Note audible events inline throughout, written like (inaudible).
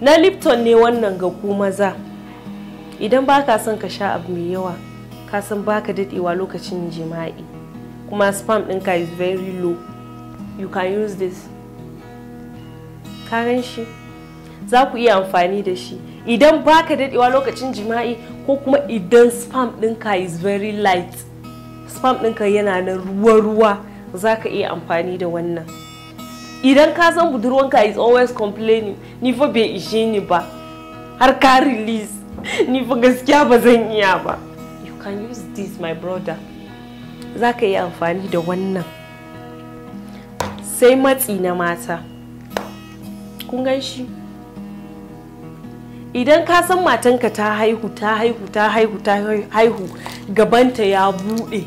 na lipton ne wannan ga ku maza idan ba ka son ka sha abu mai yawa ka san ba ka daɗewa lokacin jima'i kuma spam ɗinka is very low you can use this kayan shi za ku iya amfani da shi idan ba ka daɗewa lokacin jima'i ko kuma idan spam ɗinka is very light spam ɗinka yana na ruwa-ruwa za ka iya amfani da wannan idan ka san budurwanka is always complaining ni fa bai ishe ni ba har ka release ni fa gaskiya ba zan iya ba you can use this my brother za ka yi amfani da wannan sai matsi na mata kun gan shi idan ka san matanka ta haihu ta haihu ta haihu ta haihu gabanta ya buɗe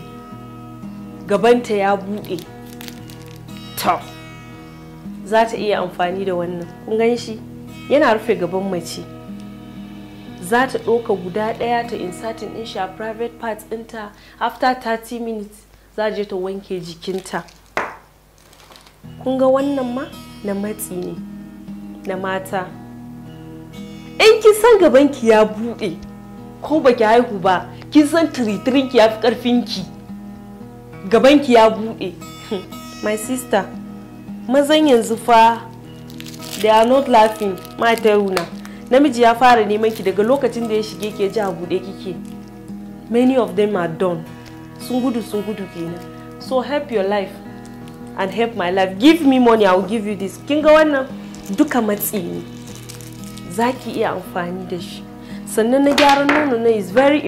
gabanta ya buɗe ta. za ta iya amfani da wannan kun gan shi yana rufe gaban mace za ta ɗauka guda ɗaya ta insatin ɗin sha a private parts ɗinta after 30 minutes za je ta wanke jikinta kun ga wannan ma na matsi ne na mata in kin san gabanki ya buɗe ko baki haihu ba kin san tiritirinki ya fi ƙarfinki gabanki ya buɗe (laughs) my sister mazan yanzu fa they are not laughing my taruna namiji ya fara neman ki daga lokacin da ya shige ke ji a buɗe kike many of them are done sun gudu sun gudu kenan so help your life and help my life give me money i will give you this kin ga wannan duka matsi ne za iya amfani da shi sannan na gyaran nono na is very